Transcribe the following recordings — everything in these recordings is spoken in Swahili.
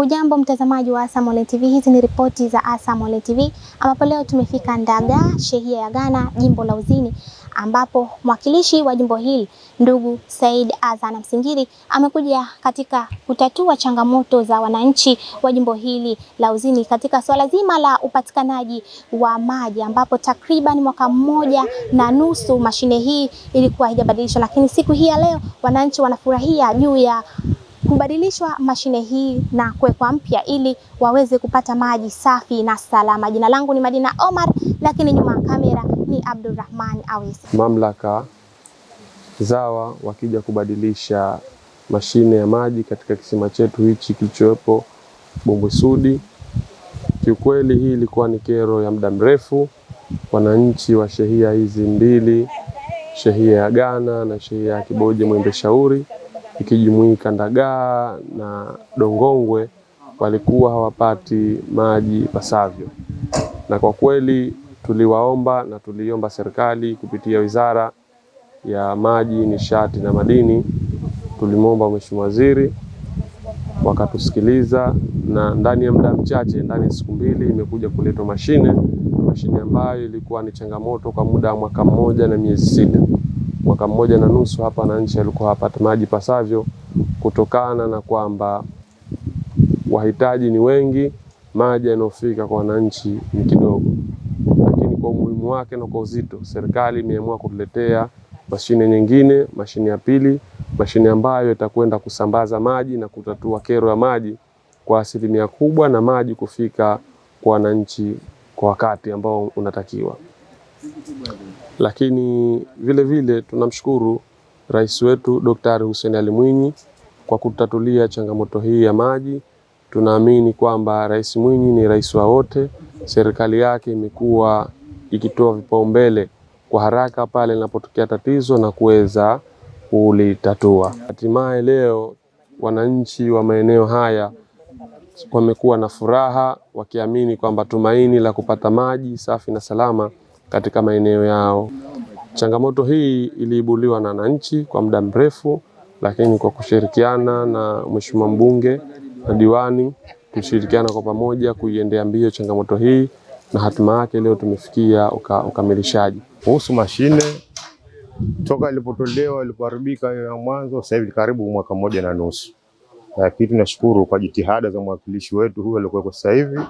Hujambo mtazamaji wa Asam Online TV, hizi ni ripoti za Asam Online TV ambapo leo tumefika ndaga shehia ya Ghana, jimbo la Uzini, ambapo mwakilishi wa jimbo hili ndugu Said Azana Msingiri amekuja katika kutatua changamoto za wananchi wa jimbo hili la Uzini katika swala zima la upatikanaji wa maji, ambapo takriban mwaka mmoja na nusu mashine hii ilikuwa haijabadilishwa, lakini siku hii ya leo wananchi wanafurahia juu ya kubadilishwa mashine hii na kuwekwa mpya ili waweze kupata maji safi na salama. Jina langu ni Madina Omar, lakini nyuma ya kamera ni Abdulrahman Awesi. Mamlaka ZAWA wakija kubadilisha mashine ya maji katika kisima chetu hichi kilichowepo Bumbusudi, kiukweli hii ilikuwa ni kero ya muda mrefu. Wananchi wa shehia hizi mbili, shehia ya Ghana na shehia ya Kiboje Mwembe Shauri ikijumuika Ndagaa na Dongongwe walikuwa hawapati maji ipasavyo, na kwa kweli tuliwaomba na tuliomba serikali kupitia Wizara ya Maji, Nishati na Madini, tulimwomba Mheshimiwa Waziri wakatusikiliza, na ndani ya muda mchache, ndani ya siku mbili, imekuja kuletwa mashine, mashine ambayo ilikuwa ni changamoto kwa muda wa mwaka mmoja na miezi sita mwaka mmoja na nusu hapa wananchi alikuwa hawapati maji pasavyo, kutokana na kwamba wahitaji ni wengi, maji yanayofika kwa wananchi ni kidogo. Lakini kwa umuhimu wake na kwa uzito, serikali imeamua kutuletea mashine nyingine, mashine ya pili, mashine ambayo itakwenda kusambaza maji na kutatua kero ya maji kwa asilimia kubwa, na maji kufika kwa wananchi kwa wakati ambao unatakiwa. Lakini vile vile tunamshukuru rais wetu Daktari Hussein Ali Mwinyi kwa kutatulia changamoto hii ya maji. Tunaamini kwamba Rais Mwinyi ni rais wa wote. Serikali yake imekuwa ikitoa vipaumbele kwa haraka pale linapotokea tatizo na kuweza kulitatua. Hatimaye leo wananchi wa maeneo haya wamekuwa na furaha wakiamini kwamba tumaini la kupata maji safi na salama katika maeneo yao. Changamoto hii iliibuliwa na wananchi kwa muda mrefu, lakini kwa kushirikiana na mheshimiwa mbunge na diwani, kushirikiana kwa pamoja kuiendea mbio changamoto hii na hatima yake leo tumefikia uka, ukamilishaji. Kuhusu mashine toka ilipotolewa ilipoharibika ya mwanzo, sasa hivi karibu mwaka mmoja na nusu, lakini tunashukuru kwa jitihada za mwakilishi wetu huyu aliyekuwa sasa hivi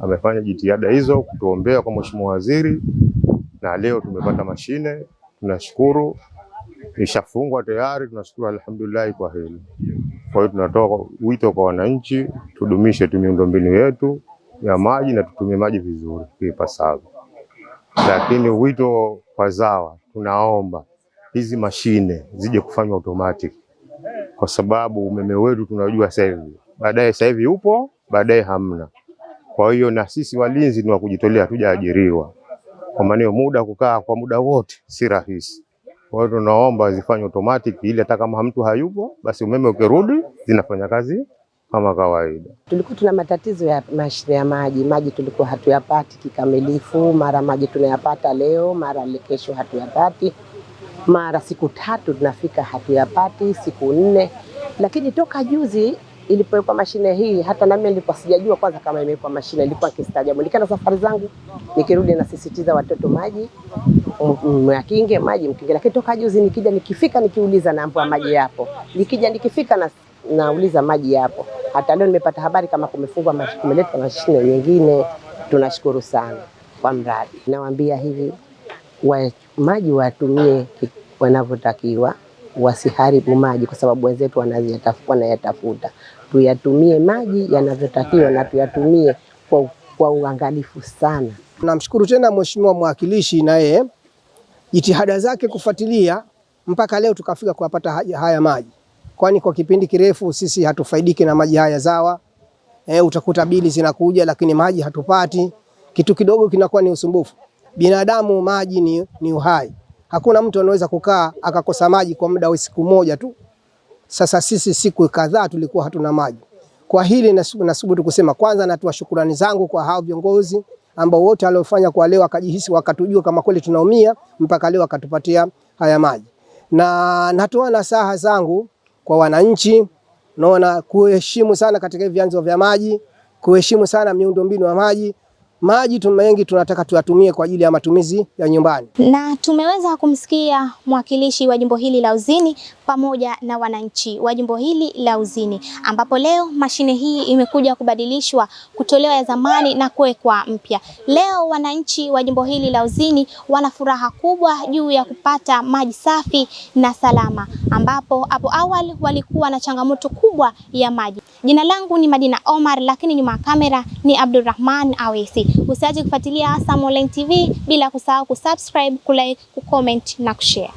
amefanya jitihada hizo kutuombea kwa mheshimiwa waziri na leo tumepata mashine, tunashukuru ishafungwa tayari, tunashukuru alhamdulillah kwa hili. Kwa hiyo tunatoa wito kwa wananchi, tudumishe tu miundombinu yetu ya maji na tutumie maji vizuri ipasavyo. Lakini wito kwa ZAWA, tunaomba hizi mashine zije kufanywa automatic, kwa sababu umeme wetu tunajua sasa hivi baadaye, sasa hivi upo baadaye hamna. Kwa hiyo na sisi walinzi ni wa kujitolea, hatujaajiriwa kwa maana muda kukaa kwa muda wote si rahisi. Kwa hiyo tunaomba zifanye automatic ili hata kama mtu hayupo basi umeme ukirudi zinafanya kazi kama kawaida. Tulikuwa tuna matatizo ya mashine ya maji, maji tulikuwa hatuyapati kikamilifu, mara maji tunayapata leo, mara kesho hatuyapati, mara siku tatu tunafika hatuyapati, siku nne, lakini toka juzi ilipowekwa mashine hii, hata nami nilikuwa sijajua kwanza kama imewekwa mashine, ilikuwa kistaajabu. Nikaenda safari zangu, nikirudi nasisitiza watoto maji mm, mwakinge maji mkinge, lakini toka juzi nikija nikifika nikiuliza naambiwa maji yapo, nikija nikifika na nauliza maji yapo. Hata leo nimepata habari kama kumefungwa, kumeleta mashine nyingine. Tunashukuru sana kwa mradi. Nawaambia hivi wa, maji watumie wanavyotakiwa wasiharibu maji, kwa sababu wenzetu wanayatafuta. Tuyatumie maji yanavyotakiwa na tuyatumie kwa, kwa uangalifu sana. Namshukuru tena mheshimiwa mwakilishi na yeye jitihada zake kufuatilia mpaka leo tukafika kuyapata haya maji, kwani kwa kipindi kirefu sisi hatufaidiki na maji haya ZAWA. E, utakuta bili zinakuja lakini maji hatupati, kitu kidogo kinakuwa ni usumbufu. Binadamu maji ni, ni uhai. Hakuna mtu anaweza kukaa akakosa maji kwa muda wa siku moja tu. Sasa sisi siku kadhaa tulikuwa hatuna maji. Kwa hili nasubutu kusema kwanza, natoa shukurani zangu kwa hao viongozi ambao wote waliofanya kwa leo, akajihisi wakatujua kama kweli tunaumia, mpaka leo akatupatia haya maji. Na natoa nasaha zangu kwa wananchi, naona kuheshimu sana katika vyanzo vya maji, kuheshimu sana miundombinu ya maji maji mengi tunataka tuyatumie kwa ajili ya matumizi ya nyumbani. Na tumeweza kumsikia mwakilishi wa jimbo hili la Uzini pamoja na wananchi wa jimbo hili la Uzini, ambapo leo mashine hii imekuja kubadilishwa kutolewa ya zamani na kuwekwa mpya. Leo wananchi wa jimbo hili la Uzini wana furaha kubwa juu ya kupata maji safi na salama, ambapo hapo awali walikuwa na changamoto kubwa ya maji. Jina langu ni Madina Omar, lakini nyuma ya kamera ni Abdulrahman Awesi. Usiache kufuatilia ASAM Online TV bila kusahau kusubscribe, kulike, kucomment na kushare.